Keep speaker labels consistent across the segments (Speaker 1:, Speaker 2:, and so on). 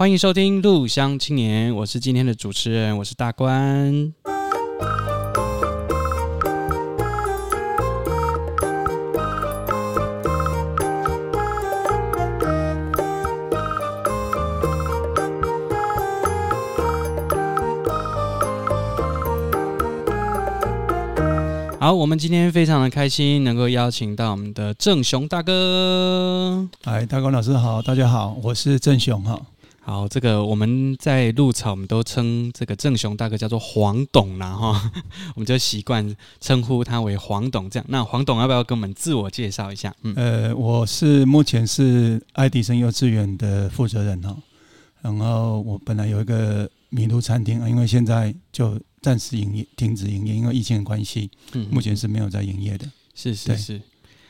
Speaker 1: 歡迎收聽《鹿鄉青年》，我是今天的主持人，我是大官。好，我們今天非常的開心，能夠邀請到我們的正雄大哥。
Speaker 2: 大官老師好，大家好，我是正雄哈。
Speaker 1: 好，這個我們在鹿草，我們都稱這個正雄大哥叫做黃董啦，哈，我們就習慣稱呼他為黃董。這樣，那黃董要不要跟我們自我介紹一
Speaker 2: 下？嗯、呃，我是目前是艾迪生幼稚園的負責人，然後我本來有一個迷鹿餐廳，因為現在就暫時營業停止營業，因為疫情的關係，嗯，目前是沒有在營業的、嗯。是是是。對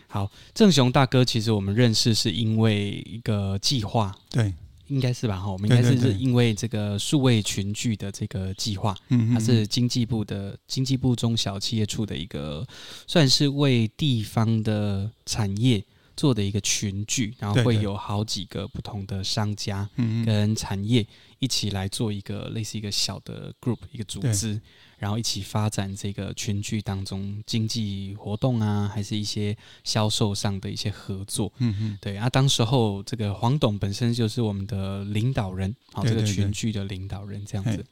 Speaker 2: 好，
Speaker 1: 正雄大哥，其實我們認識是因為一個計劃，對。應該是吧，哈，我們應該是是因為這個數位群聚的這個計劃，對對對，它是經濟部的，經濟部中小企業處的一個，算是為地方的產業。做的一個群聚，然後會有好幾個不同的商家跟產業一起來做一個類似一個小的 group 一個組織，對然後一起發展這個群聚當中經濟活動啊，還是一些銷售上的一些合作。嗯嗯哼，對。啊，當時候這個黃董本身就是我們的領導人，好，哦，對對對這個群聚的領導人這樣子。嘿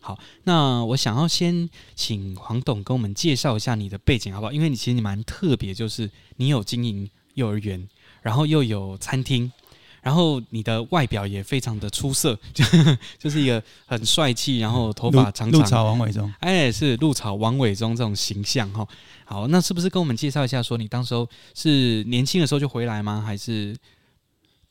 Speaker 1: 好，那我想要先請黃董跟我們介紹一下你的背景，好不好？因為你其實你蠻特別，就是你有經營。幼兒園，然後又有餐廳，然後你的外表也非常的出色，就是一個很帥氣，然後頭髮長長，鹿草王偉忠，哎，是鹿草王偉忠這種形象哈。好，那是不是跟我們介紹一下說，說你當時候是
Speaker 2: 年輕的時候就回來嗎？還是？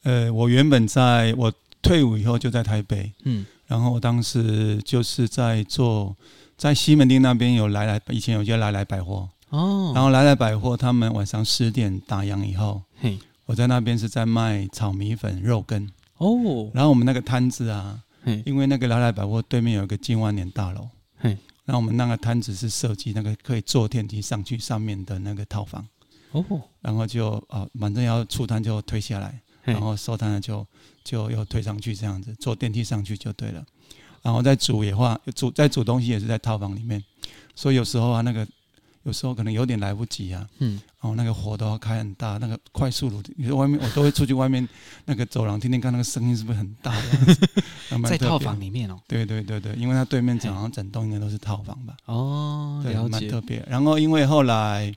Speaker 2: 呃，我原本在我退伍以後就在台北，嗯，然後當時就是在做，在西門町那邊有來來，以前有些來來百貨。哦，然後來來百貨他們晚上十點打烊以後，嘿，我在那邊是在賣炒米粉、肉羹哦。然後我們那個攤子啊，因為那個來來百貨對面有個金萬年大樓，嘿，然後我們那個攤子是設計那個可以坐電梯上去上面的那個套房哦。然後就啊，反正要出攤就推下來，然後收攤了就就又推上去這樣子，坐電梯上去就對了。然後再煮的話，煮再煮東西也是在套房裡面，所以有時候啊那個。有時候可能有點來不及啊，嗯、哦，然後那個火都要開很大，那個快速爐，你說外面我都會出去外面那個走廊，聽聽 看那個聲音是不是很大，啊、的 在套房裡面哦，對對對對，因為它對面整整棟應該都是套房吧？哦嘿，對，了解，蠻特別。然後因為後來，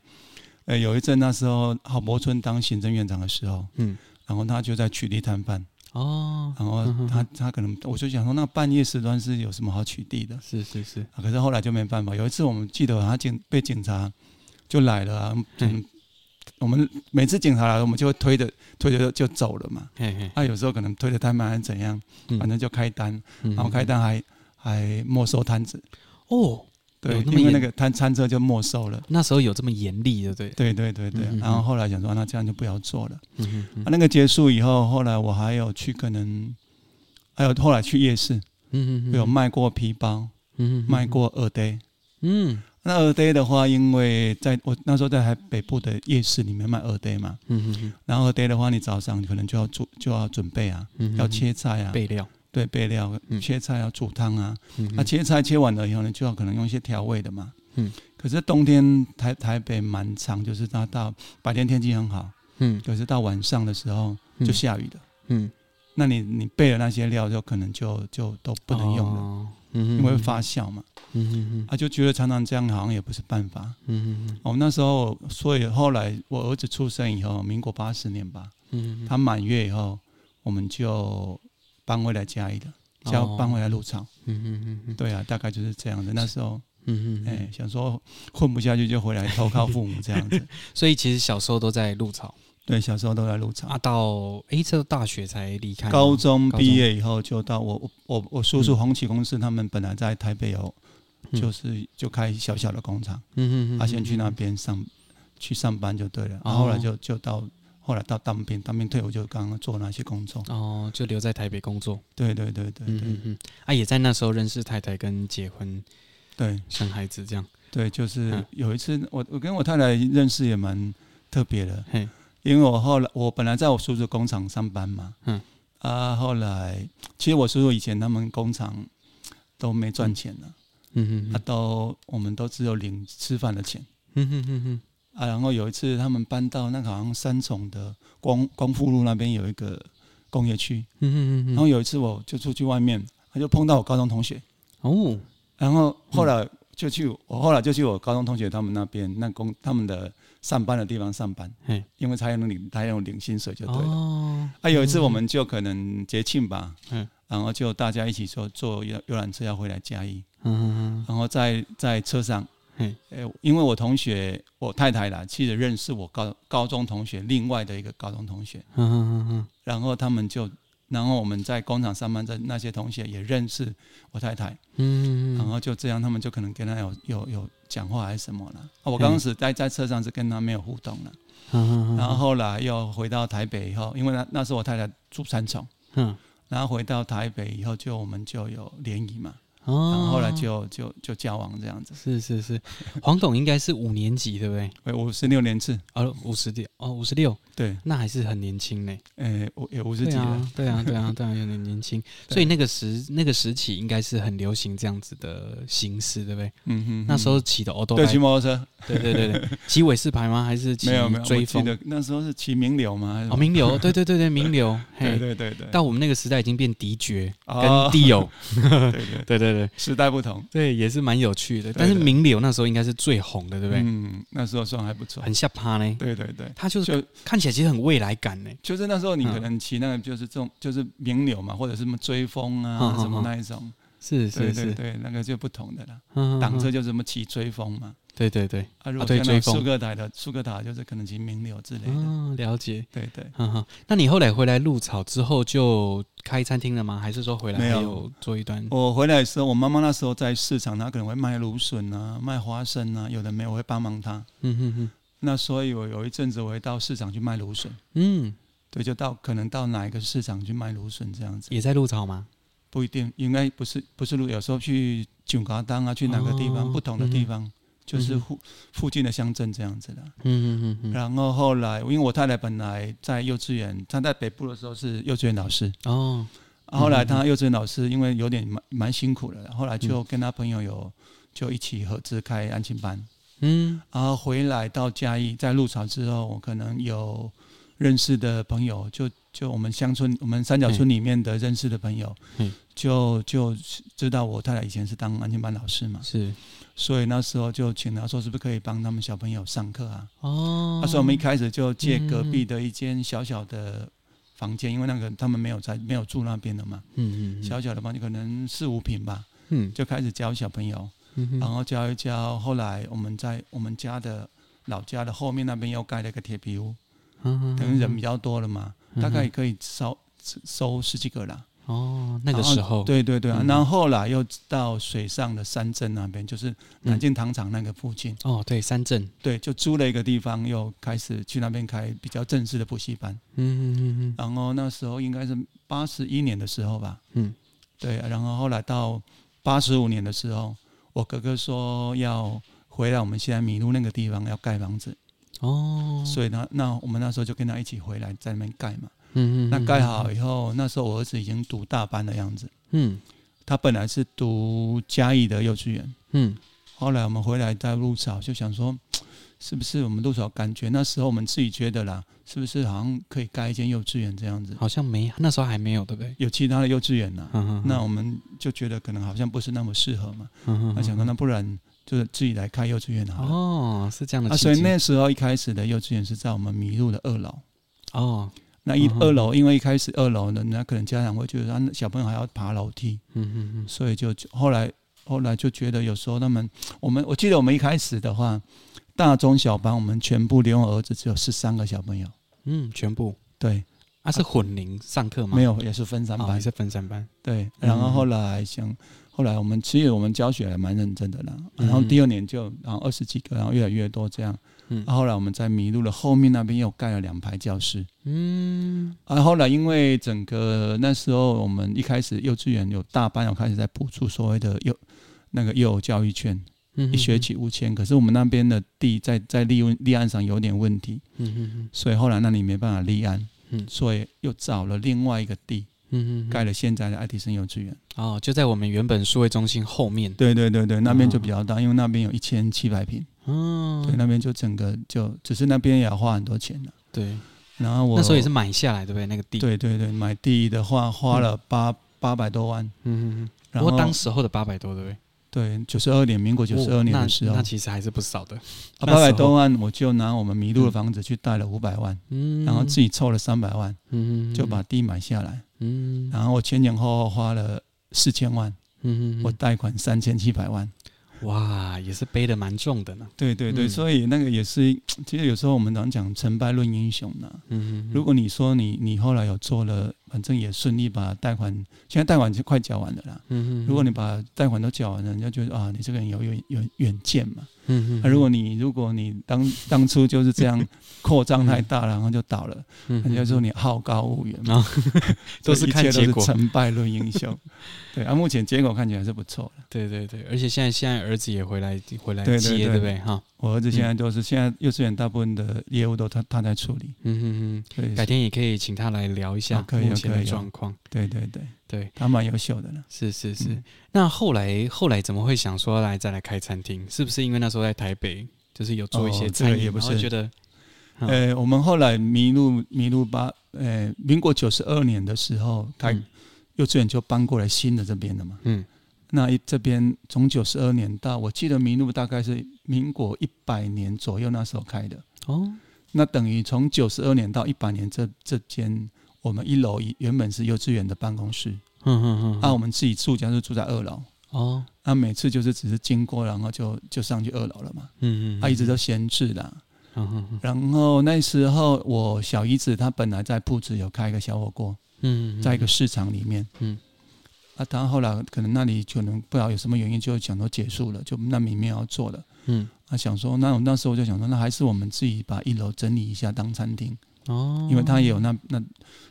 Speaker 2: 哎、呃，有一陣那時候郝柏村當行政院長的時候，嗯，然後他就在取締攤販哦，然後他呵呵他可能，我就想說，那半夜時段是有什麼好取締的？是是是、啊，可是後來就沒辦法。有一次我們記得，他警被警察就來了、啊，嘿嗯，我們每次警察來了，我們就會推着推着就走了嘛。嗯那嘿、啊、有時候可能推得太慢還是怎樣，反正就開單，嗯、然後開單還還沒收攤子。嗯、哼哦。對，因為那個餐餐車就沒收了。那時候有這麼嚴厲，的對,對對對對。嗯、哼哼然後後來想說，那這樣就不要做了。嗯哼哼啊、那個結束以後，後來我還有去可能，還有後來去夜市，嗯嗯，有賣過皮包，嗯,哼哼嗯，賣過二戴，嗯，那二戴的話，因為在我那時候在北部的夜市裡面賣二戴嘛，嗯哼哼然後二戴的話，你早上可能就要做就要準備啊，嗯、哼哼要切菜啊，備料。對，備料、切菜要煮湯啊，那、嗯嗯啊、切菜切完了以後呢，就要可能用一些調味的嘛。嗯，可是冬天台台北蠻長，就是它到，到白天天氣很好，嗯，可是到晚上的時候就下雨了、嗯，嗯，那你你備了那些料就可能就就都不能用了，哦、嗯，因為會發酵嘛，嗯嗯嗯，他、啊、就覺得常常這樣好像也不是辦法，嗯嗯嗯。我、喔、那時候，所以後來我兒子出生以後，民國八十年吧，嗯哼，他滿月以後，我們就。搬回來家裡的，叫搬回來鹿草，哦。嗯哼嗯嗯，對啊，大概就是這樣的。那時候，嗯哼嗯哼，哎、欸，想說混不下去就回來投靠父母這樣子。
Speaker 1: 所以其實小時候都在鹿草。對，小時候都在鹿草，嗯。啊，到哎、欸，這個、大學才離開。高中畢業以
Speaker 2: 後就到我我我，我叔叔紅旗公司，他們本來在台北有，就是就開小小的工廠。嗯哼嗯哼嗯哼。啊、先去那邊上，去上班就對了。哦、然後，後來就就到。後來到當兵，當兵退伍就剛剛做那些工作。哦，就留在台北工作。對對對對對嗯，嗯，嗯
Speaker 1: 啊，也在那時候認識太太跟結婚，對生孩子這樣。
Speaker 2: 對，就是有一次我我跟我太太認識也蠻特別的，嘿、啊，因為我後來我本來在我叔叔工廠上班嘛，嗯啊後來其實我叔叔以前他們工廠都沒賺錢了、啊，嗯，嗯嗯，他、啊、都我們都只有領吃飯的錢，嗯哼
Speaker 3: 哼哼。
Speaker 2: 啊，然後有一次他們搬到那個好像三重的光光復路那邊有一個工業區，嗯嗯嗯。嗯嗯然後有一次我就出去外面，他就碰到我高中同學，哦。然後後來就去，嗯、我後來就去我高中同學他們那邊那工他們的上班的地方上班，嘿因為他用，他用領，才能領薪水就對了。哦。嗯、啊，有一次我們就可能節慶吧，嗯，然後就大家一起說坐遊遊覽車要回來嘉義，嗯嗯嗯。然後在在車上。哎、欸欸、因為我同學，我太太啦，其實認識我高高中同學，另外的一個高中同學。嗯、哼哼然後他們就，然後我們在工廠上班的那些同學也認識我太太。嗯、哼哼然後就這樣，他們就可能跟他有有有講話還是什麼了。嗯、我剛開始在在車上是跟他沒有互動了。嗯、哼哼然後後來又回到台北以後，因為那那時候我太太住三重。嗯、然後回到台北以後，就我們就有聯誼嘛。然後後來就就就交往這樣子，是是是，黃董應該是五年級對不對？五十六年次，五十幾哦，五十六，
Speaker 1: 對，那還是很年輕呢。哎，五也五十幾了，對啊對啊對啊，有點年輕。所以那個時那個時期應該是很流行這樣子的形式，對不對？嗯哼，那時候騎的摩托車，對對對對，騎偉士牌嗎？還是騎追風？
Speaker 2: 那時候是騎名流嗎？哦，名流，對對對對，名流，
Speaker 1: 對對對對。到我們那個時代已經變迪爵
Speaker 3: 跟迪歐，對對對對。對，對，對，時代不同，
Speaker 1: 對，也是蠻有趣的。對對對，但是名流那時候應該是最紅的，對不對，對，對？嗯，那時候算還不錯，很下趴呢。對對對，他就是看，就看起
Speaker 2: 來其實很未來感呢。就是那時候你可能騎那個就是這種，就是名流嘛，或者是什麼追風啊呵呵呵什麼那一種，是是是對，對，對，那個就不同的啦。嗯，擋車就是什麼騎追風嘛。對對對，啊，如果啊，對，蘇風格達的蘇格達就是可能其名流之類的，哦、了解。對對，哈
Speaker 1: 哈。那你後來回來鹿草之後就開餐廳了嗎？還是說回來沒有做一段？
Speaker 2: 我回來的時候，我媽媽那時候在市場，她可能會賣蘆筍啊，賣花生啊，有的沒有我會幫忙她。嗯哼哼。那所以，我有一陣子我會到市場去賣蘆筍。嗯，對，就到可能到哪一個市場去賣蘆筍這樣子。也在鹿草嗎？不一定，應該不是不是，不是，不是有時候去九華當啊，去哪個地方、哦、不同的地方。嗯就是附、嗯、附近的鄉鎮這樣子的，嗯嗯嗯，嗯，然後後來因為我太太本來在幼稚園，她在北部的時候是幼稚園老師哦，嗯嗯後來她幼稚園老師因為有點蠻蠻辛苦的，後來就跟她朋友有、嗯、就一起合資開安親班，嗯，嗯，然後回來到嘉義，在鹿草之後，我可能有認識的朋友，就就我們鄉村我們三角村裡面的認識的朋友，嗯、就就知道我太太以前是當安親班老師嘛，嗯、是。所以那時候就請他說，是不是可以幫他們小朋友上課啊？哦，oh, 那時候我們一開始就借隔壁的一間小小的房間，嗯、因為那個他們沒有在沒有住那邊的嘛。嗯嗯。小小的房間可能四五平吧。嗯。就開始教小朋友，嗯、哼然後教一教。後來我們在我們家的老家的後面那邊又蓋了一個鐵皮屋。嗯嗯。等於人比較多了嘛，嗯、哼大概也可以收收十幾個了。哦，那個時候，對對對，嗯、哼然後後來又到水上的山鎮那邊，就是南靖糖廠那個附近、嗯。哦，對，山鎮，對，就租了一個地方，又開始去那邊開比較正式的補習班。嗯嗯嗯嗯。然後那時候應該是八十一年的時候吧。嗯，對。然後後來到八十五年的時候，我哥哥說要回來，我們現在迷鹿那個地方要蓋房子。哦。所以呢，那我們那時候就跟他一起回來，在那邊蓋嘛。嗯嗯，嗯那蓋好以後，嗯嗯、那時候我兒子已經讀大班的樣子。嗯，他本來是讀嘉義的幼稚園。嗯，後來我們回來在鹿草就想說，是不是我們鹿草感覺那時候我們自己覺得啦，是不是好像可以蓋一間幼稚園這樣子？好像沒有，那時候還沒有，對不對？有其他的幼稚園吶、啊。嗯嗯嗯、那我們就覺得可能好像不是那麼適合嘛。嗯嗯，嗯嗯那想說那不然就是自己來開幼稚園的好。哦，是這樣的、啊。所以那時候一開始的幼稚園是在我們迷鹿的二樓。哦。那一二樓，嗯、哼因為一開始二樓呢，那可能家長會覺得那小朋友還要爬樓梯，嗯嗯嗯，所以就後來後來就覺得有時候他們，我們我記得我們一開始的話，大中小班我們全部連我兒子只有十三個小朋友，嗯，全部對，他、啊、是混齡上課嗎、啊？沒有，也是分三班，哦、也是分三班。對，然後後來想，嗯、哼後來我們其實我們教學還蠻認真的啦，嗯、哼然後第二年就然後二十幾個，然後越來越多這樣。嗯、啊，後來我們在迷鹿的後面那邊又蓋了兩排教室。嗯，啊，後來因為整個那時候我們一開始幼稚園有大班，有開始在補助所謂的幼那個幼兒教育券，嗯、哼哼，一學期五千。可是我們那邊的地在在立案立案上有點問題。嗯哼哼，所以後來那裡沒辦法立案。嗯，所以又找了另外一個地。蓋、嗯、了現在的愛迪生幼稚園哦，就在我們原本數位中心後面。對對對對，那邊就比較大，嗯、因為那邊有一千七百平。嗯，對那邊就整個就，只是那邊也要花很多錢。對，然後我那時候也是買下來，對不對？那個地。對對對，買地的話花了八八百、嗯、多萬。嗯嗯嗯。然後當時候的八百多，對。對，九十二年，民國九十二年的時候、哦那時，那其實還是不少的，八百、啊、多萬，我就拿我們迷鹿的房子去貸了五百萬，嗯，然後自己湊了三百萬，嗯，就把地買下來，嗯，然後我前前後後花了四千萬，嗯嗯，嗯嗯我貸款三千七百萬，哇，也是背得蠻重的呢。對對對，嗯、所以那個也是，其實有時候我們常講成敗論英雄呢，嗯，如果你說你你後來有做了。反正也順利把貸款，現在貸款就快繳完了啦。嗯、哼哼，如果你把貸款都繳完了，人家覺得啊，你這個人有有有遠見嘛。嗯嗯，那、啊、如果你如果你當當初就是這樣擴張太大、嗯、哼然後就倒了，人家、嗯、哼說你好高騖遠嘛。都是看結果，成敗論英雄。對啊，目前結果看起來是不錯的。對對對，而且現在現在兒子也回來回來接，對不對哈？對對對我兒子現在都是現在幼稚園大部分的業務都他他在處理，嗯哼哼，可以改天也可以請他來聊一下目前的狀況，對對對對，對他蠻優秀的
Speaker 1: 呢，是是是。嗯、那後來後來怎麼會想說來再來開餐廳？是不是因為那時候在台北就是有做一些菜，哦、也不是覺得，呃、
Speaker 2: 哦欸，我們後來迷鹿，迷鹿吧，呃、欸，民國九十二年的時候，他幼稚園就搬過來新的這邊了嘛，嗯。那這邊從九十二年到，我記得迷鹿大概是民國一百年左右，那時候開的。哦，那等於從九十二年到一百年這，這這間我們一樓原本是幼稚園的辦公室。嗯嗯嗯。那、嗯嗯嗯嗯啊、我們自己住家就住在二樓。哦、嗯。那、嗯嗯啊、每次就是只是經過，然後就就上去二樓了嘛。嗯嗯。他、嗯嗯啊、一直都閒置的、嗯。嗯，嗯然後那時候我小姨子她本來在鋪子有開一個小火鍋、嗯。嗯。嗯在一個市場裡面。嗯。啊，當然後來可能那裡可能不知道有什麼原因，就講都結束了，就那裡面要做了。嗯，那、啊、想說那我那時候我就想說，那還是我們自己把一樓整理一下當餐廳。哦，因為他也有那那，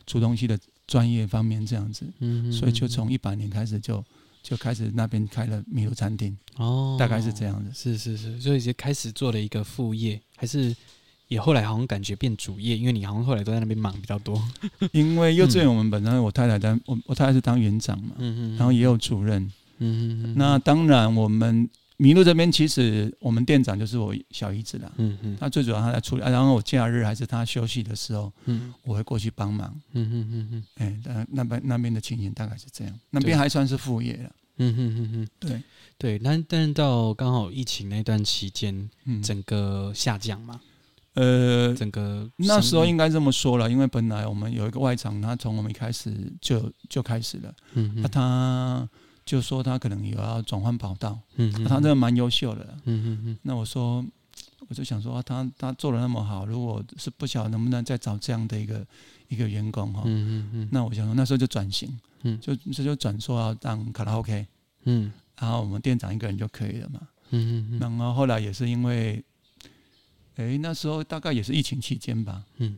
Speaker 2: 煮東西的專業方面這樣子。嗯，哼嗯哼，所以就從一百年開始就就開始那邊開了迷鹿餐廳。哦，大概是這樣子。是是是，
Speaker 1: 所以就開始做了一個副業，還是？也後來好像感覺變主業，因為你好像後來都在那邊忙比較多。
Speaker 2: 因為幼稚園我們本身，我太太當我我太太是當園長嘛，嗯、哼然後也有主任，嗯、哼哼哼那當然，我們迷鹿這邊其實我們店長就是我小姨子啦，嗯哼她最主要她在處理，啊，然後我假日還是她休息的時候，嗯、哼我會過去幫忙，嗯嗯嗯嗯。那邊那邊的情形大概是這樣，那邊還
Speaker 1: 算是副業啦對嗯嗯嗯嗯，對對，但但是到剛好疫情那段
Speaker 2: 期間，嗯、哼整個下降嘛。呃，整個那時候應該這麼說了，因為本來我們有一個外場，他從我們一開始就就開始了，那、嗯嗯啊、他就說他可能有要轉換跑道，嗯嗯嗯啊、他真的蠻優秀的，嗯嗯嗯那我說我就想說他他，他做的那麼好，如果是不曉得能不能再找這樣的一個一個員工哈，嗯嗯嗯那我想說那時候就轉型，嗯、就這就轉說要當卡拉 OK，然後、嗯啊、我們店長一個人就可以了嘛，嗯嗯嗯然後後來也是因為。誒，那時候大概也是疫情期間吧，嗯，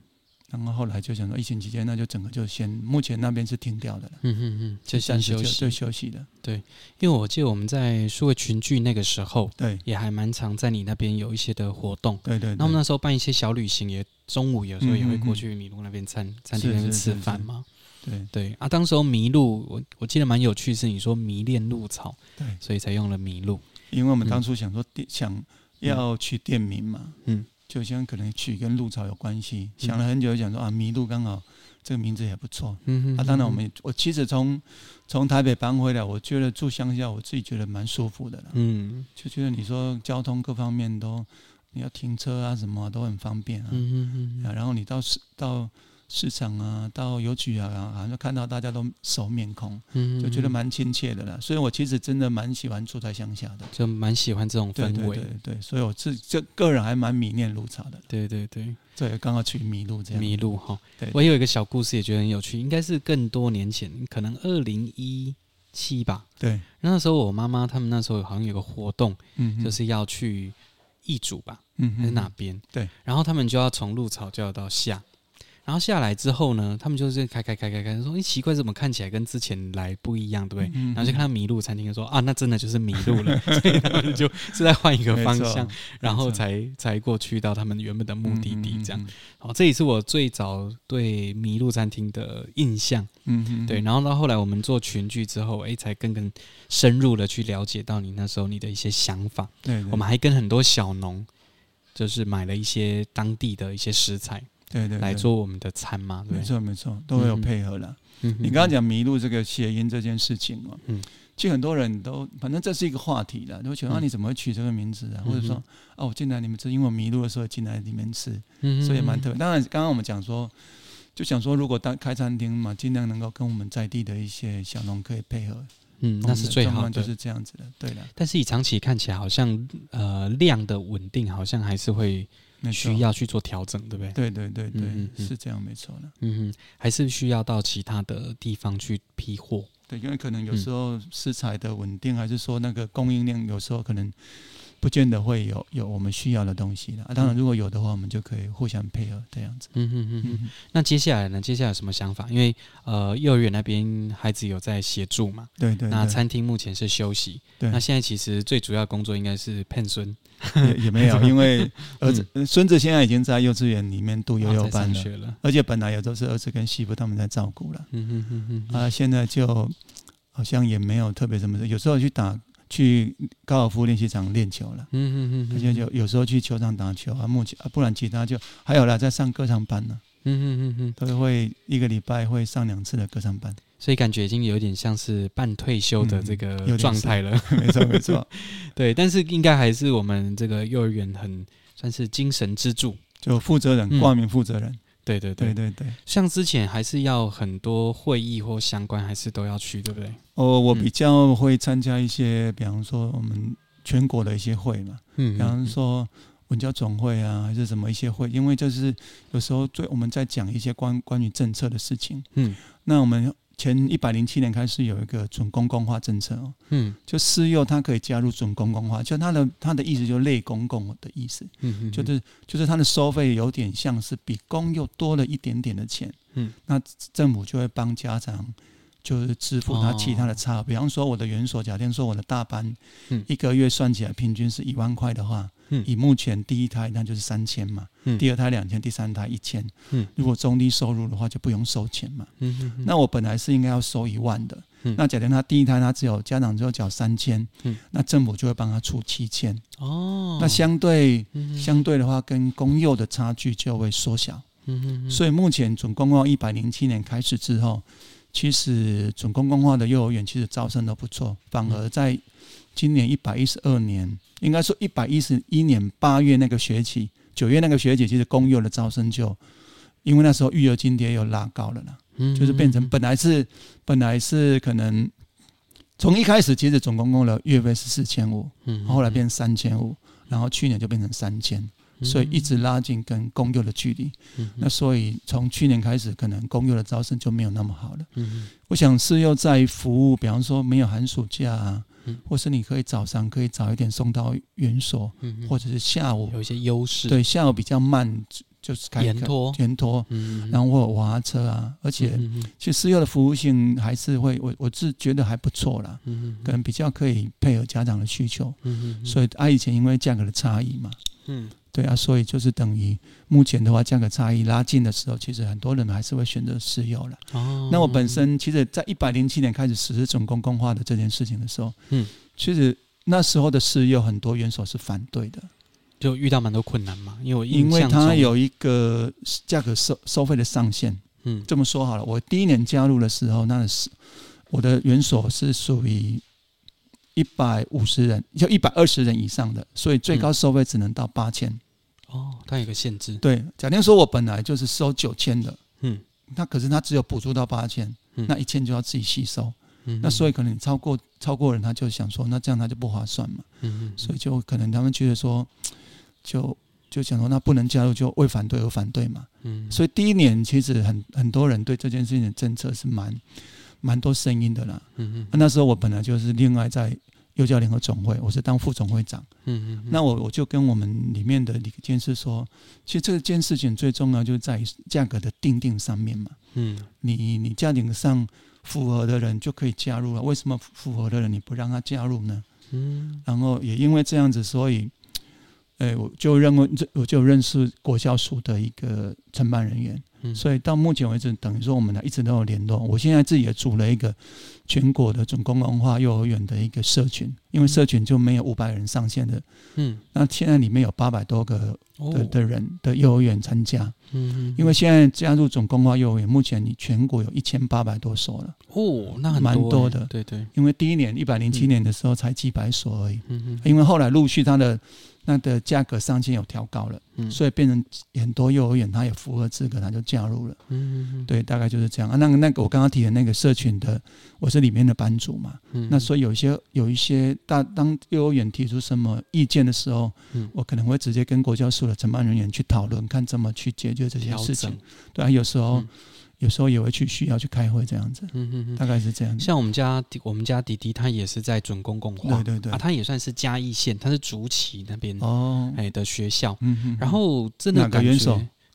Speaker 2: 然後後來就想到疫情期間，那就整個就先，目前那邊是停掉的，嗯嗯嗯，就先休息，就休息的。對，因為我記得我們在數位群聚那個時候，對，也還蠻常
Speaker 1: 在你那邊有一些的活動，對對。那我們那時候辦一些小旅行，也中午有時候也會過去迷鹿那邊餐餐廳吃飯嘛。對對。啊，當時候迷鹿，我我記得蠻有
Speaker 2: 趣是你說迷戀鹿草，對，所以才用了迷鹿。因為我們當初想說想。要取店名嘛，嗯，就先可能取跟鹿草有關係，嗯、想了很久，想說啊，迷鹿剛好這個名字也不錯，嗯嗯，啊，當然我們我其實從從台北搬回來，我覺得住鄉下，我自己覺得蠻舒服的啦，嗯，就覺得你說交通各方面都，你要停車啊什麼啊都很方便啊，嗯嗯嗯、啊，然後你到到。市場啊，到郵局啊，好像看到大家都熟面孔，嗯、哼就覺得蠻親切的啦。所以，我其實真的蠻喜歡住在鄉下的，
Speaker 1: 就蠻喜歡這種氛圍。對對，對對對，
Speaker 2: 所以我是我個人還蠻迷戀鹿草的。對對對對，對剛剛去迷路這樣迷路哈。哦、對對，我也有
Speaker 1: 一個小故事，也覺得很有趣，應該是更多年前，可能二零一七吧。對，那時候我媽媽他們那時候好像有個活動，嗯、哼就是要去義竹吧，嗯哼，在那邊？對，然後他們就要從鹿草要到下。然後下來之後呢，他們就是開開開開開，說：“誒，奇怪，怎麼看起來跟之前來不一樣，對不對？”嗯、哼然後就看到迷鹿餐廳，說：“啊，那真的就是迷路了， 所以他們就是在換一個方向，錯然後才錯才過去到他們原本的目的地，這樣。嗯嗯嗯嗯”好，這也是我最早對迷鹿餐廳的印象。嗯嗯哼。對，然後到後來我們做群聚之後，哎，才更更深入的去了解到你那時候你的一些想法。對，對，對。我們還跟很多小農，就是買了一些當地的一些食材。對，對對，來做我們的餐嘛，沒錯沒錯，都有配合了。嗯、哼你剛
Speaker 2: 剛講“迷路”這個諧音這件事情哦，嗯，其實很多人都，反正這是一個話題了。如果請問、嗯啊、你怎麼會取這個名字啊？嗯、哼或者說哦、啊，我進來你們吃，因為我迷路的時候進來你們吃，嗯哼，所以蠻特別。當然，剛剛我們講說，就想說，如果當開餐廳嘛，盡量能夠跟我們在地的一些小農可以配合，嗯，的那是最好的，就是這樣子的，對了。
Speaker 1: 但是以長期看起來，好像呃量的穩定，好像還是會。那需要去做調整，對不對？對對對對，嗯、哼是這樣沒錯啦，沒錯的。嗯哼，
Speaker 2: 還是需要到其他的地方去批貨。對，因為可能有時候食材的穩定，嗯、還是說那個供應鏈，有時候可能不見得會有有我們需要的東西了、啊。當然，如果有的話，嗯、我們就可以互相配合這樣子。嗯哼嗯哼嗯哼。
Speaker 1: 那接下來呢？接下來有什麼想法？因為呃，幼兒園那邊孩子有在協助嘛？對對，對對。那餐廳目前是休息。對。那現在其實最主要的工作應該是盼孫。 也也沒有，因為兒
Speaker 2: 子、孫、 嗯、子現在已經在幼稚園裡面讀幼幼班了，了而且本來也都是兒子跟媳婦他們在照顧了。嗯嗯嗯
Speaker 3: 嗯，
Speaker 2: 啊，現在就好像也沒有特別什麼事，有時候去打去高爾夫練習場練球了。嗯嗯嗯，而且就有時候去球場打球啊，目前啊，不然其他就還有了，在上歌唱班呢。嗯嗯嗯嗯，都會一個禮拜會上兩次的歌唱班。所以感覺已經有點像是半
Speaker 1: 退休的這個狀態了、嗯 沒，沒錯沒錯， 對，但是應該還是我們這個幼兒園很算是精神支柱，就負責人掛名負責人，對對、嗯、對對對，對對對像之前還是要很多會議或相關還是都要去，對不對？
Speaker 2: 哦，我比較會參加一些，嗯、比方說我們全國的一些會嘛，嗯，嗯，嗯，比方說文教總會啊，還是什麼一些會，因為就是有時候最我們在講一些關關於政策的事情，嗯，那我們。前一百零七年開始有一個準公共化政策哦、喔，嗯，就私幼它可以加入準公共化，就它的它的意思就是類公共的意思，嗯哼嗯，就是就是它的收費有點像是比公幼多了一點點的錢，嗯，那政府就會幫家長就是支付他其他的差，哦、比方說我的園所，假定說我的大班，嗯，一個月算起來平均是一萬塊的話。以目前第一胎那就是三千嘛，嗯、第二胎兩千，第三胎一千、嗯。如果中低收入的話就不用收錢嘛。嗯、哼哼那我本來是應該要收一萬的。嗯、那假定他第一胎他只有家長只有繳三千，那政府就會幫他出七千、嗯。哦，那相對、嗯、哼哼相對的話，跟公幼的差距就會縮小。嗯哼哼所以目前準公共化一百零七年開始之後，其實準公共化的幼兒園其實招生都不錯，反而在。今年一百一十二年，應該說一百一十一年八月那個學期，九月那個學期，其實公幼的招生就因為那時候育兒津貼又拉高了啦，嗯，嗯，嗯、就是變成本來是本來是可能從一開始其實總共公的月費是四千五，嗯，嗯，嗯、後來變三千五，然後去年就變成三千，所以一直拉近跟公幼的距離，嗯，嗯，嗯、那所以從去年開始，可能公幼的招生就沒有那麼好了，嗯，嗯，嗯、我想是又在服務，比方說沒有寒暑假、啊。或是你可以早上可以早一點送到園所，嗯嗯或者是下午有一些優勢。對，下午比較慢。就是開全託，拖，託拖，嗯、哼然後會有滑車啊，而且、嗯、哼其實私幼的服務性還是會，我我是覺得還不錯啦，嗯哼，可能比較可以配合家長的需求，嗯哼，所以啊，以前因為價格的差異嘛，嗯，對啊，所以就是等於目前的話，價格差異拉近的時候，其實很多人還是會選擇私幼啦。哦，那我本身其實在一百零七年開始實施準公共化的這件事情的時候，嗯，其實那時候的私幼很多園所是反對的。就遇到蠻多困難嘛，因為因為它有一個價格收收費的上限，嗯，這麼說好了，我第一年加入的時候，那是我的園所是屬於一百五十人，就一百二十人以上的，所以最高收費只能到八千，嗯。哦，它有個限制。對，假定說我本來就是收九千的，嗯，那可是他只有補助到八千，嗯，那一千就要自己吸收，嗯哼，那所以可能超過超過人，他就想說，那這樣他就不划算嘛，嗯嗯哼，所以就可能他們覺得說。就就想說，那不能加入，就為反對而反對嘛。嗯，所以第一年其實很很多人對這件事情的政策是蠻蠻多聲音的啦。嗯嗯哼、啊，那時候我本來就是另外在幼教聯合總會，我是當副總會長。嗯嗯，那我我就跟我們裡面的理監事說，其實這件事情最重要就在於價格的定定上面嘛。嗯，你你家庭上符合的人就可以加入了、啊，為什麼符合的人你不讓他加入呢？嗯，然後也因為這樣子，所以。哎，我就認為這，我就認識國教署的一個承辦人員，嗯、所以到目前為止，等於說我們呢一直都有聯絡，我現在自己也組了一個全國的準公共化幼兒園的一個社群，因為社群就沒有五百人上限的，嗯，那現在裡面有八百多個的的人、哦，的幼兒園參加。嗯，因為現在加入準公共化幼兒園，目前你全國有一千八百多所了哦，那很多、欸、蠻多的，對對。因為第一年一百零七年的時候才幾百所而已，嗯嗯。因為後來陸續它的那個價格上限有調高了，嗯、所以變成很多幼兒園他也符合資格，他就加入了，嗯嗯對，大概就是這樣啊。那個那個我剛剛提的那個社群的，我是裡面的版主嘛，嗯。那所以有一些有一些大當幼兒園提出什麼意見的時候，嗯、我可能會直接跟國教署的承辦人員去討論，看怎麼去解決。就這些事情，對，啊，有時候有時候也會去需要去開會這樣子，嗯嗯嗯，大概是這樣。
Speaker 1: 像我們家我們家弟弟，他也是在準公共化，對對對，啊，他也算是嘉義縣，他是竹崎那邊哦，誒，的學校，嗯嗯，然後真的感覺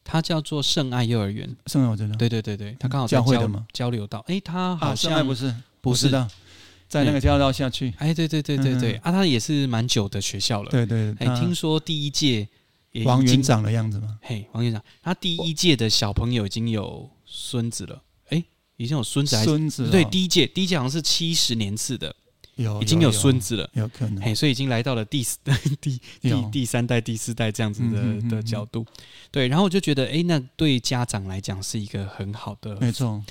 Speaker 1: 他叫做聖愛幼兒園，聖愛幼兒園，對對對對，他剛好交會的嗎？交流到，誒，他好像不是，不是的，在那個交流道下去，誒，對對對對對，啊，他也是蠻久的學校了，對對，對。誒，聽說第一屆。
Speaker 2: 王園長的樣子嗎？嘿，
Speaker 1: 王園長，他第一屆的小朋友已經有孫子了。誒、欸，已經有孫子了，孫子、哦、對，第一屆，第一屆好像是七十年次的，有已經有孫子了有有，有可能。嘿，所以已經來到了第四、第、有第、第三代、第四代這樣子的有的角度。對，然後我就覺得，誒、欸，那對家長來講是一個很好的，沒錯。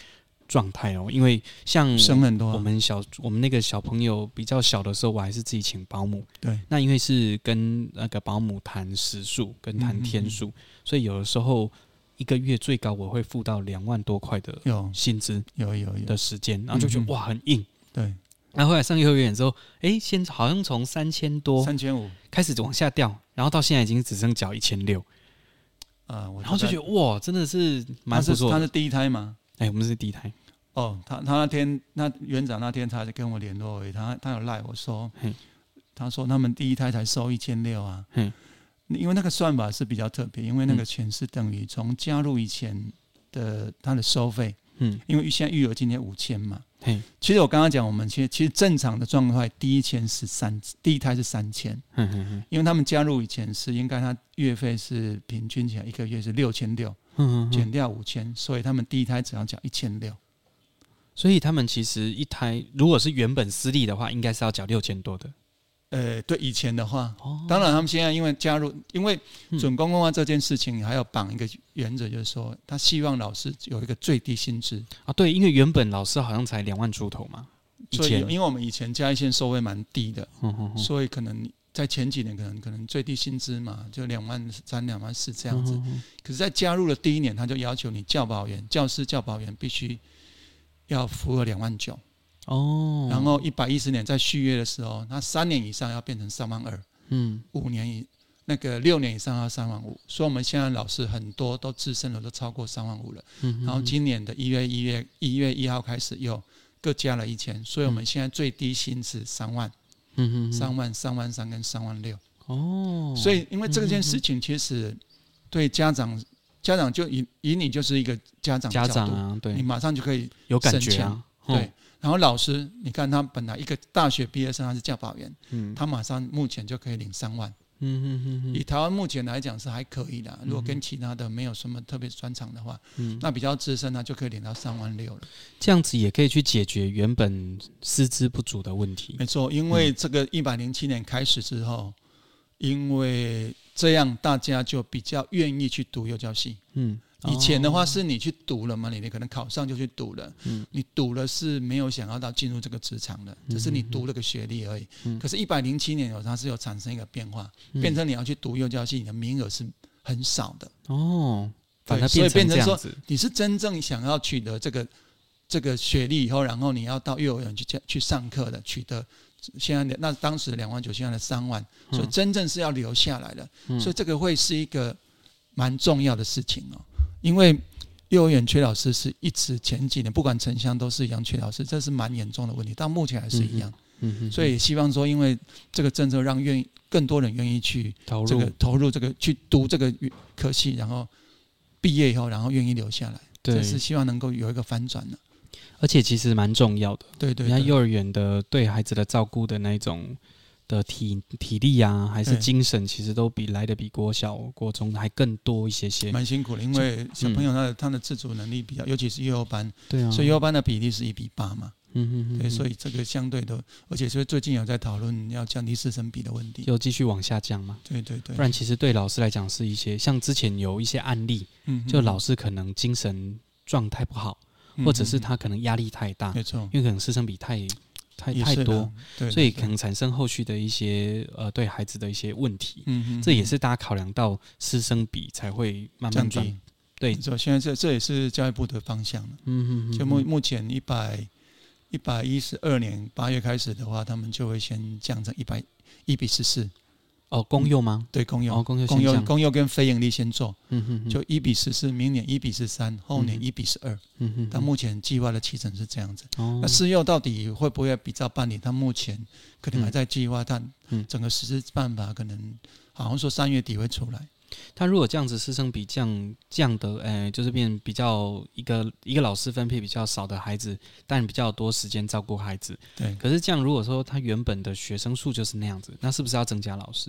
Speaker 1: 狀態哦，因為像生很多，啊，我們小我們那個小朋友比較小的時候，我還是自己請保姆。對，那因為是跟那個保姆談時數跟談天數，嗯嗯嗯，所以有的時候一個月最高我會付到兩萬多塊的，薪的有薪資有有有的時間，然後就覺得哇很硬。對、嗯嗯，然後後來上幼兒園之後，哎、欸，先好像從三千多三千五開始往下掉，然後到現在已經只剩繳一千六。呃，然後就覺得哇，真的是蠻不錯。他是，是第一胎嗎？哎，我們是第一胎。
Speaker 2: 哦，他他那天那園長那天他就跟我聯絡而已，他他有賴、like、我說，嘿他說他們第一胎才收一千六啊。嗯嘿，因為那個算法是比較特別，因為那個錢是等於從加入以前的他的收費。嗯，因為現在育兒今年五千嘛。嗯嘿，其實我剛剛講我們其實其實正常的狀態，第一千是三，第一胎是三千。嗯嗯嗯，因為他們加入以前是應該他月費是平均起來一個月是六千六。5000，嗯哼哼，減掉五千，所以他們第一胎只要繳一千六，所以他們其實一胎如果是原本私立的話，應該是要繳六千多的。呃，對以前的話，哦、當然他們現在因為加入，因為準公共化這件事情，你還要綁一個原則，就是說、嗯、他希望老師有一個最低薪資啊。對，因為原本老師好像才兩萬出頭嘛，千所以因為我們以前嘉義縣收費蠻低的，嗯、哼哼所以可能你在前幾年，可能可能最低薪資嘛，就兩萬三、兩萬四這樣子。嗯嗯、可是，在加入了第一年，他就要求你教保員、教師、教保員必須要符合兩萬九
Speaker 3: 哦。然後
Speaker 2: 一百一十年在續約的時候，那三年以上要變成三萬二，嗯，五年以那個六年以上要三萬五。所以，我們現在老師很多都資深的都超過三萬五了。嗯嗯、然後今年的一月一月一月一號開始又各加了一千，所以我們現在最低薪資三萬。嗯嗯，三萬三萬三跟三萬六哦，所以因為這件事情其實對家長，嗯、哼家長就以以你就是一個家長家長啊，對你馬上就可以有感覺啊，對，然後老師，你看他本來一個大學畢業生還是教保員，嗯，他馬上目前就可以領三萬。嗯嗯嗯以台灣目前來講是還可以的。嗯、哼如果跟其他的沒有什麼，特別專長的話，嗯、那比較資深那就可以領到三萬六了。
Speaker 1: 這樣子也可以去解決原本師資不
Speaker 2: 足的問題。沒錯，因為這個一百零七年開始之後，嗯、因為這樣大家就比較願意去讀幼教系。嗯。以前的話是你去讀了嘛？你你可能考上就去讀了。嗯，你讀了是沒有想要到進入這個職場的，只是你讀了個學歷而已。嗯。可是，一百零七年以後，它是有產生一個變化，嗯，變成你要去讀幼教系，你的名額是很少的。哦。反正對，所以變成說，你是真正想要取得這個這個學歷以後，然後你要到幼兒園去去上課的，取得現在的那當時兩萬九，現在的三萬，所以真正是要留下來的。所以這個會是一個蠻重要的事情哦、喔。因為幼兒園缺老師是一直前幾年，不管城鄉都是一樣缺老師，這是蠻嚴重的問題，到目前還是一樣。嗯嗯、所以希望說，因為這個政策讓願意更多人願意去、這個、投入，投入這個去讀這個科系，然後畢業以後，然後願意留下來，對這是希望能夠有一個翻轉的。
Speaker 1: 而且其實蠻重要的，對對，對對，你看幼兒園的對孩子的照顧的那一種。的體體力啊，還是精神，其實都比對來的比國小、國中還更多一些些。蠻辛苦的，因為小朋友
Speaker 2: 他的、嗯、他的自主能力比較，尤其是幼兒班，對啊，所以幼兒班的比例是一比八嘛。嗯嗯嗯。所以這個相對的，而且所以最近有在討論要降低師生比的問題，就繼續往下
Speaker 1: 降嘛。對對對。不然其實對老師來講是一些，像之前有一些案例，嗯哼哼，就老師可能精神狀態不好，或者是他可能壓力太大，沒錯、嗯，因為可能師生比太，太太多，對，所以可能產生後續的一些對對呃對孩子的一些問題，嗯嗯，這也
Speaker 2: 是大家考量到師生比才會慢慢降低，對，所以現在這這也是教育部的方向了，嗯哼嗯嗯，就目目前一百一百一十二年八月開始的話，他們就會先降成一百一比十四。哦，公幼嗎、嗯？對，公幼、哦。公幼，公幼跟非盈利先做，嗯哼哼就一比十四，明年一比十三，後年一比十二，嗯，嗯但目前計劃的期程是這樣子。哦、那私幼到底會不會比照辦理？但目前可能還在計劃，但整個實施辦法可能好像說三月底會出來。
Speaker 1: 他如果這樣子師生比降降的，欸，就是變比較一個一個老師分配比較少的孩子，但比較多時間照顧孩子。對，可是這
Speaker 2: 樣如果說他原本的學生數就是那樣子，那是不是要增加老師？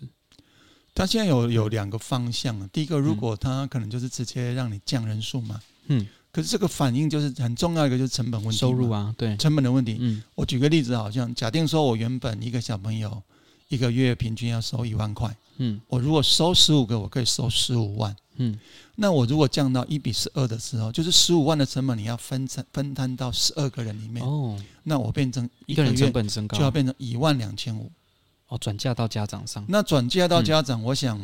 Speaker 2: 他現在有有兩個方向啊，第一個，如果他可能就是直接讓你降人數嘛。嗯。可是這個反應就是很重要一個，就是成本問題。收入啊，對，成本的問題。嗯。我舉個例子，好像假定說我原本一個小朋友。一個月平均要收一萬塊，嗯，我如果收十五個，我可以收十五萬，嗯，那我如果降到一比十二的時候，就是十五萬的成本你要分成分攤到十二個人裡面，哦，那我變成一個人成本升高就要變成一萬兩千五，哦，轉嫁到家長上，那轉嫁到家長，嗯，我想。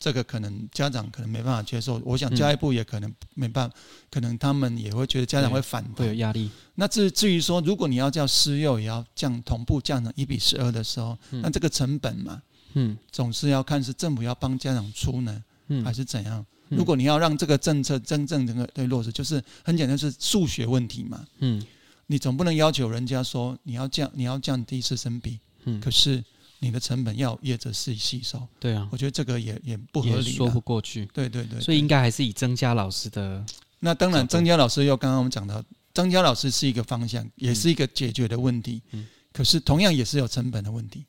Speaker 2: 這個可能家長可能沒辦法接受，我想教育部也可能沒辦法，嗯、可能他們也會覺得家長會反對，會有壓力。那至至於說，如果你要叫私幼也要降，同步降到一比十二的時候，嗯、那這個成本嘛，嗯，總是要看是政府要幫家長出呢，嗯、還是怎樣？嗯、如果你要讓這個政策真正能夠被落實，就是很簡單，是數學問題嘛，嗯，你總不能要求人家說你要降，你要降低師生比，嗯，可是。你的成本要業者自己吸收，對啊，我覺得這個也也不合理，說不過去，對對對，所以應該還是以增加老師的。那當然，增加老師又剛剛我們講到，增加老師是一個方向，也是一個解決的問題。可是同樣也是有成本的問題，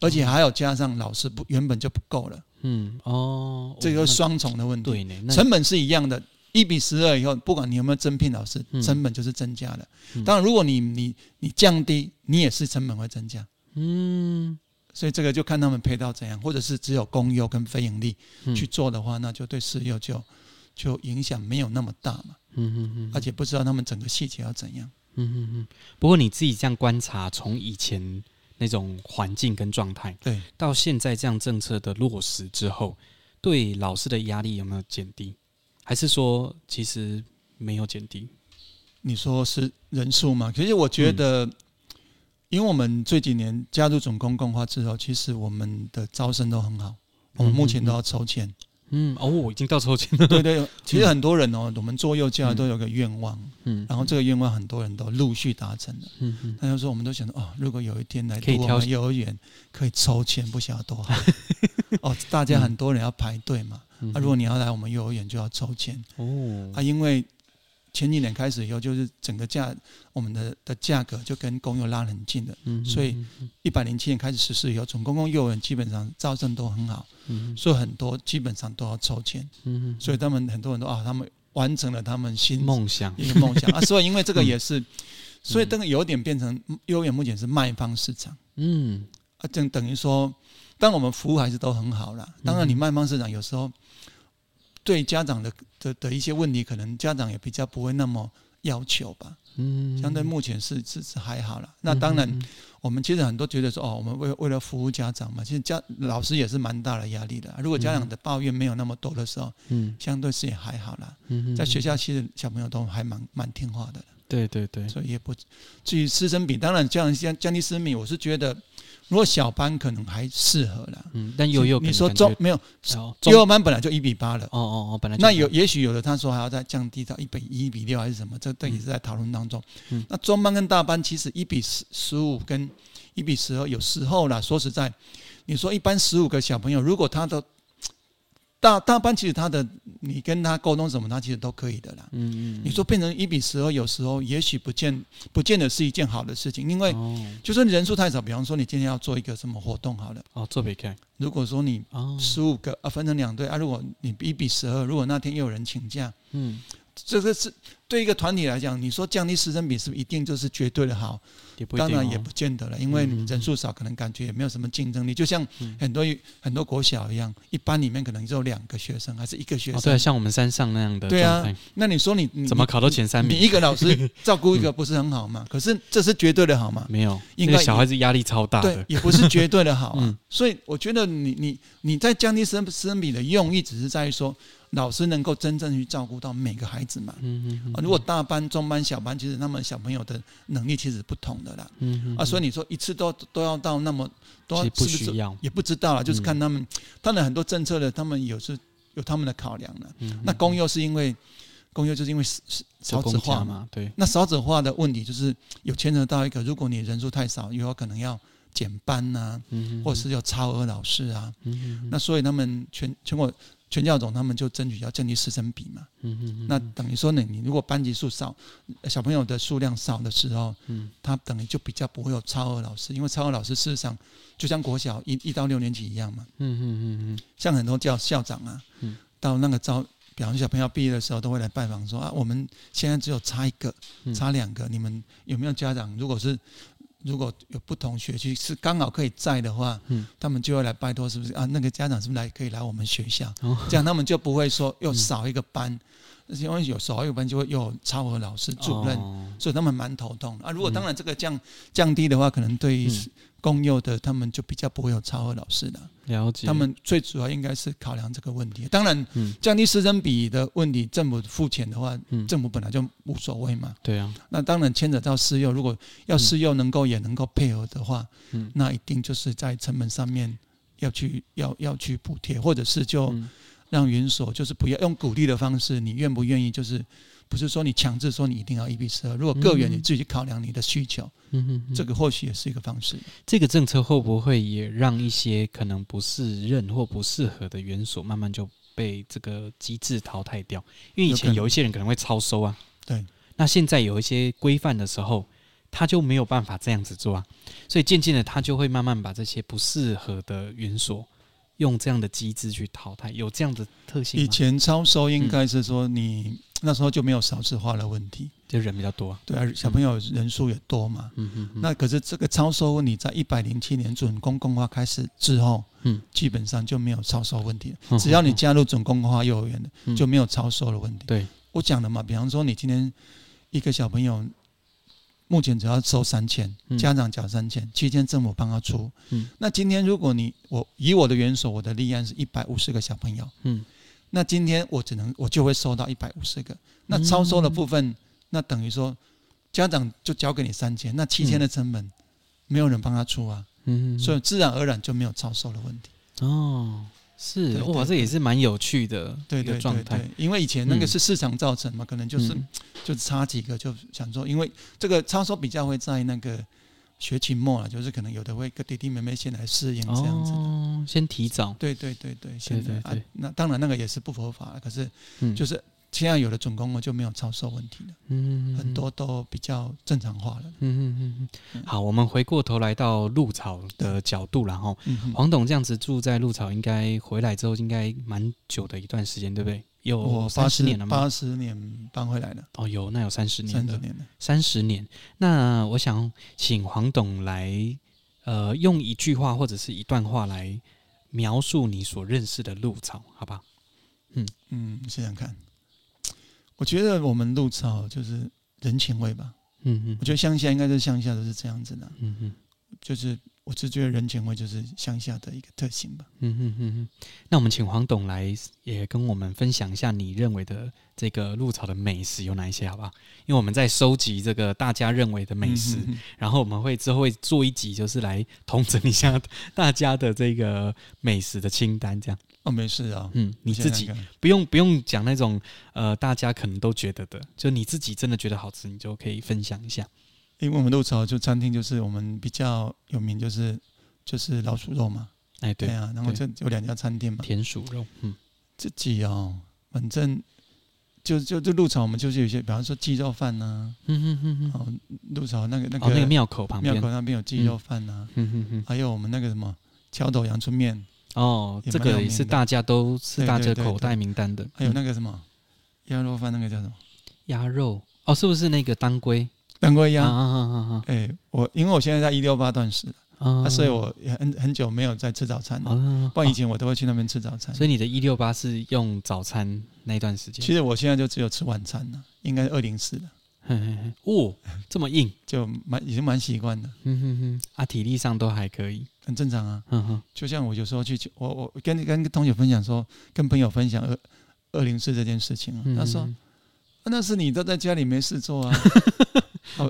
Speaker 2: 而且還要加上老師不原本就不夠了。嗯，哦，這個雙重的問題，對成本是一樣的，一比十二以後，不管你有沒有增聘老師，成本就是增加的。當然，如果你你你降低，你也是成本會增加。嗯。所以這個就看他們配到怎樣，或者是只有公幼跟非盈利，去做的話，嗯、那就對私幼就就影響沒有那麼大嘛。嗯嗯嗯，而且不知道他們整個細節要怎樣。
Speaker 3: 嗯
Speaker 1: 嗯嗯。不過你自己這樣觀察，從以前那種環境跟狀態，對，到現在這樣政策的落實之後，對老師的壓力有沒有減低？還是說其實沒有減低？
Speaker 2: 你說是人數嗎？其實我覺得、嗯。因為我們這幾年加入準公共化之後，其實我們的招生都很好。我們目前都要抽籤、嗯嗯。嗯，哦，已經到抽籤了。 對，對對，其實很多人哦，嗯、我們做幼教都有個願望嗯，嗯，然後這個願望很多人都陸續達成了。嗯嗯，嗯，大家說我們都想說哦，如果有一天來我們幼兒園可以抽籤，不曉得多好。 哦，大家很多人要排隊嘛。那、啊、如果你要來我們幼兒園就要抽籤。哦，啊，因為。前幾年開始以後，就是整個價，我們的的價格就跟公幼拉很近的，嗯、哼所以一百零七年開始實施以後，從公共幼兒園基本上招生都很好，嗯、哼所以很多基本上都要抽籤，嗯、哼所以他們很多人都啊，他們完成了他們新夢想一個夢想，夢想 啊，所以因為這個也是，嗯、所以這個有點變成幼兒園目前是賣方市場，嗯啊，等等於說，但我們服務還是都很好啦。當然，你賣方市場有時候。對家長的的的一些問題，可能家長也比較不會那麼要求吧。嗯，相對目前是是是還好啦。那當然，我們其實很多覺得說，哦，我們為為了服務家長嘛，其實家老師也是蠻大的壓力的。如果家長的抱怨沒有那麼多的時候，嗯，相對是也還好啦。嗯，在學校其實小朋友都還蠻蠻聽話的。對對對，所以也不至於師生比。當然降降降低師生比，我是覺得。如果小班可能還適合了，嗯，但有有你說中沒有，幼兒班本來就一比八了，哦哦哦，本來就那有也許有的他說還要再降低到一比一比六還是什麼，這等於是在討論當中。嗯，那中班跟大班其實一比十十五跟一比十二有時候啦，說實在，你說一般十五個小朋友，如果他都。大大班其實他的，你跟他溝通什麼，他其實都可以的啦。嗯嗯，你說變成一比十二，有時候也許不見不見得是一件好的事情，因為就是說人數太少。比方說，你今天要做一個什麼活動，好了哦，做 PK。如果說你十五個、哦、啊，分成兩隊啊，如果你一比十二，如果那天又有人請假，嗯。這個是對一個團體來講，你說降低師生比是不是一定就是絕對的好，好當然也不見得了，因為人數少，可能感覺也沒有什麼競爭力。嗯、就像很多、嗯、很多國小一樣，一班裡面可能只有兩個學生還是一個學生，啊、對、啊，
Speaker 1: 像我們山上那樣的。對啊，那你說你，你怎麼考到前三名你？你一個
Speaker 2: 老師照顧一個，不是很好嗎？ 嗯、可是這是絕對的好嗎？沒有，因為小孩
Speaker 1: 子壓力超大的。也不是絕對的好、啊。 嗯、
Speaker 2: 所以我覺得你你你在降低師生比的用意，只是在於說。老師能夠真正去照顧到每個孩子嘛。嗯哼嗯哼。啊，如果大班、中班、小班，其實他們小朋友的能力其實不同的啦。嗯嗯。啊，所以你說一次都都要到那麼，多，其實不需要，是不是也不知道了，嗯、就是看他們。當然，很多政策的，他們有是有他們的考量了。嗯，嗯。那公幼是因為公幼就是因為少少子化嘛。嘛對。那少子化的問題就是有牽扯到一個，如果你人數太少，以後可能要減班吶、啊，嗯哼嗯哼，或者是要超額老師啊，嗯哼嗯哼。那所以他們全全國。全教總他們就爭取要降低師生比嘛，嗯哼嗯哼，那等於說呢，你如果班級數少，小朋友的數量少的時候，嗯、他等於就比較不會有超額老師，因為超額老師事實上就像國小一一到六年級一樣嘛，嗯
Speaker 3: 哼
Speaker 2: 嗯嗯嗯，像很多教校、校長啊，嗯、到那個招，比方說小朋友畢業的時候都會來拜訪說啊，我們現在只有差一個，差兩個，你們有沒有家長如果是？如果有不同學區是剛好可以在的話，嗯、他們就會來拜托，是不是啊？那個家長是不是來可以來我們學校？哦、這樣他們就不會說又少一個班，嗯、因為有少一個班就會有超額老師主任，哦、所以他們蠻頭痛。啊，如果當然這個降、嗯、降低的話，可能對於。嗯公幼的他們就比較不會有超額老師的了解，他們最主要應該是考量這個問題。當然，嗯、降低師生比的問題，政府付錢的話，嗯、政府本來就無所謂嘛、嗯。對啊，那當然牽扯到私幼，如果要私幼能夠、嗯、也能夠配合的話，嗯、那一定就是在成本上面要去要要去補貼，或者是就讓園所就是不要用鼓勵的方式，你願不願意就是。不是說你強制說你一定要一比十二，如果個人你自己去考量你的需求，嗯、這個或許也是一個方式、嗯嗯嗯。這個政策會不會也讓一些可能不適任或不適合的園
Speaker 1: 所慢慢就被這個機制淘汰掉？因為以前有一些人可能會超收啊，對。那現在有一些規範的時候，他就沒有辦法這樣子做啊，所以漸漸的他就會慢慢把這些不適合的園所。用這樣的機制去淘汰，有這樣的特性。以前超收應該
Speaker 2: 是說你，你、嗯、那時候就沒有少子化的問題，就人比較多、啊，對啊，小朋友人數也多嘛。嗯嗯。那可是這個超收問題，在一百零七年準公共化開始之後，嗯，基本上就沒有超收問題。嗯、只要你加入準公共化幼兒園的，嗯、就沒有超收的問題。對我講的嘛，比方說，你今天一個小朋友。目前只要收三千，家長繳三千，七千政府幫他出。嗯、那今天如果你我以我的元首，我的立案是一百五十個小朋友。嗯，那今天我只能我就會收到一百五十個，那超收的部分，嗯、那等於說家長就交給你三千，那七千的成本、嗯、沒有人幫他出啊。嗯，所以自然而然就沒有超收的問題。哦。是，對對對對，哇，
Speaker 1: 這也是蠻有趣的，對的狀態。因為以前那個是市
Speaker 2: 場造成嘛，嗯、可能就是就差幾個就想說，嗯、因為這個，差說比較會在那個學期末啊，就是可能有的會跟弟弟妹妹先來適應這樣子，哦，先提早。對對對對，現在。對對對啊，那當然那個也是不合法可是就是。嗯現在有了總工，我就沒有超售問題了。嗯哼哼，很多都比較正常化了。嗯嗯嗯
Speaker 1: 嗯。好，我們回過頭來到鹿草的角度然後、嗯、哼黃董這樣子住在鹿草，應該回來之後應該蠻久的一段時間，對不對？有八十年了嗎？八十年搬回來的。哦，有那有三十年，三十年三十年。那我想請黃董來，呃，用一句話或者是一段話來描述你所認識的鹿草，好不好？嗯
Speaker 2: 嗯，想想看。我覺得我們鹿草就是人情味吧，嗯嗯哼，我覺得鄉下應該是鄉下都是這樣子的，嗯嗯哼，就是我是覺得人情味就是鄉下的一個特性吧，嗯哼
Speaker 1: 嗯嗯嗯。那我們請黃董來也跟我們分享一下你認為的這個鹿草的美食有哪一些，好不好？因為我們在收集這個大家認為的美食，嗯、哼然後我們會之後會做一集，就是來統整一下大家的這個美食的清單，這樣。哦，沒事啊、哦。嗯，你自己不用、那個、不用講那種，呃，大家可能都覺得的，就你自己真的覺得好吃，你就可以
Speaker 2: 分享一下。因為我們鹿草就餐廳，就是我們比較有名，就是就是老鼠肉嘛。哎，對，對啊，然後這對有兩家餐廳嘛，田鼠肉。嗯，自己哦，反正就就就鹿草，我們就是有些，比方說雞肉飯吶、啊。嗯鹿草那個那個、哦、那個廟口旁邊，廟口那邊有雞肉飯吶、啊。嗯哼哼哼。還有我們那個什麼橋頭陽春麵。哦，也 這個也是大家都是大家口袋名單的，還有那個什麼鴨肉飯，那個叫什麼鴨肉？哦，是不是那個當歸？當歸鴨？啊，啊，啊，啊、欸、我因為我現在在一六八斷食啊，所以我也很很久沒有在吃早餐了。不然以前我都會去那邊吃早餐。啊，所以你的一六八是用早餐那段時間？其實我現在就只有吃晚餐了，應該是二零四嗯嗯嗯，哦，這麼硬就蠻已經蠻習慣的，嗯哼哼，啊，體力上都還可以，很正常啊，嗯哼，就像我有時候去，我我跟跟同學分享說，跟朋友分享二二零四這件事情啊，他說那是你都在家裡沒事做啊，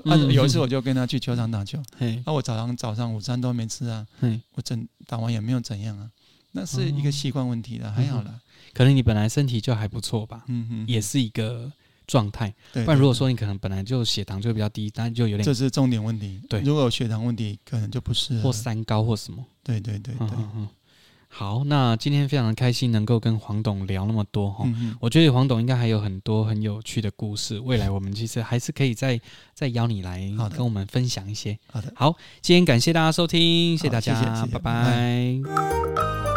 Speaker 2: 啊，有一次我就跟他去球場打球，那我早上早上午餐都沒吃啊，嗯，我整打完也沒有怎樣啊，那是一個習慣問題的，還好
Speaker 1: 啦，可能你本來身體就還不錯吧，嗯哼，也是一個。狀態，不然如果說你可能本來就血糖就比較低，但就有點。這是重點問題。對，如果有血糖問題，可能就不是或三高或什麼。對對對嗯嗯，好，那今天非常的開心能夠跟黃董聊那麼多哈。嗯哼，我覺得黃董應該還有很多很有趣的故事，未來我們其實還是可以再再邀你來跟我們分享一些。好的，好的，好，今天感謝大家收聽，謝謝大家，謝謝，謝謝，拜拜。拜拜